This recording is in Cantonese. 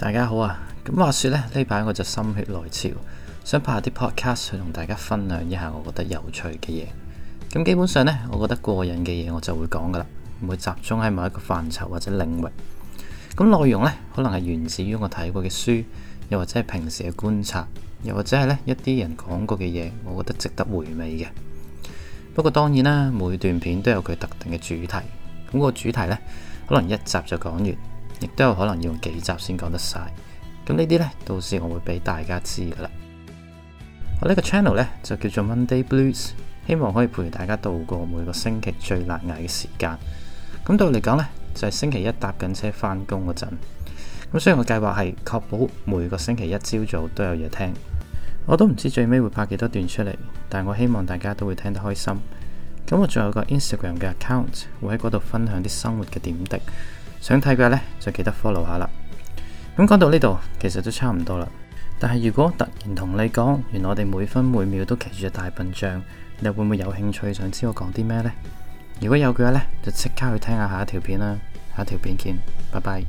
大家好啊！咁話說呢，呢排我就心血來潮，想拍下啲 podcast 去同大家分享一下我覺得有趣嘅嘢。咁基本上呢，我覺得過癮嘅嘢我就會講噶啦，唔會集中喺某一個範疇或者領域。咁內容呢，可能係源自於我睇過嘅書，又或者係平時嘅觀察，又或者係呢一啲人講過嘅嘢，我覺得值得回味嘅。不過當然啦，每段片都有佢特定嘅主題。咁個主題呢，可能一集就講完。亦都有可能要用幾集先講得曬，咁呢啲呢，到時我會俾大家知㗎啦。我呢個 channel 呢就叫做 Monday Blues，希望可以陪大家度過每個星期最難捱嘅時間。咁對我嚟講呢，就係星期一搭緊車翻工嗰陣。咁所以我計劃係確保每個星期一朝早都有嘢聽。我都唔知最尾會拍幾多段出嚟，但我希望大家都會聽得開心。咁我仲有個 Instagram 嘅 account 會喺嗰度分享啲生活嘅點滴。想睇嘅話呢，就記得 follow 下啦。咁講到呢度，其實都差唔多啦。但係如果突然同你講，原來我哋每分每秒都騎住隻大笨象，你會唔會有興趣想知道我講啲咩呢？如果有嘅話呢，就即刻去聽下下一條片啦。下條片見，拜拜。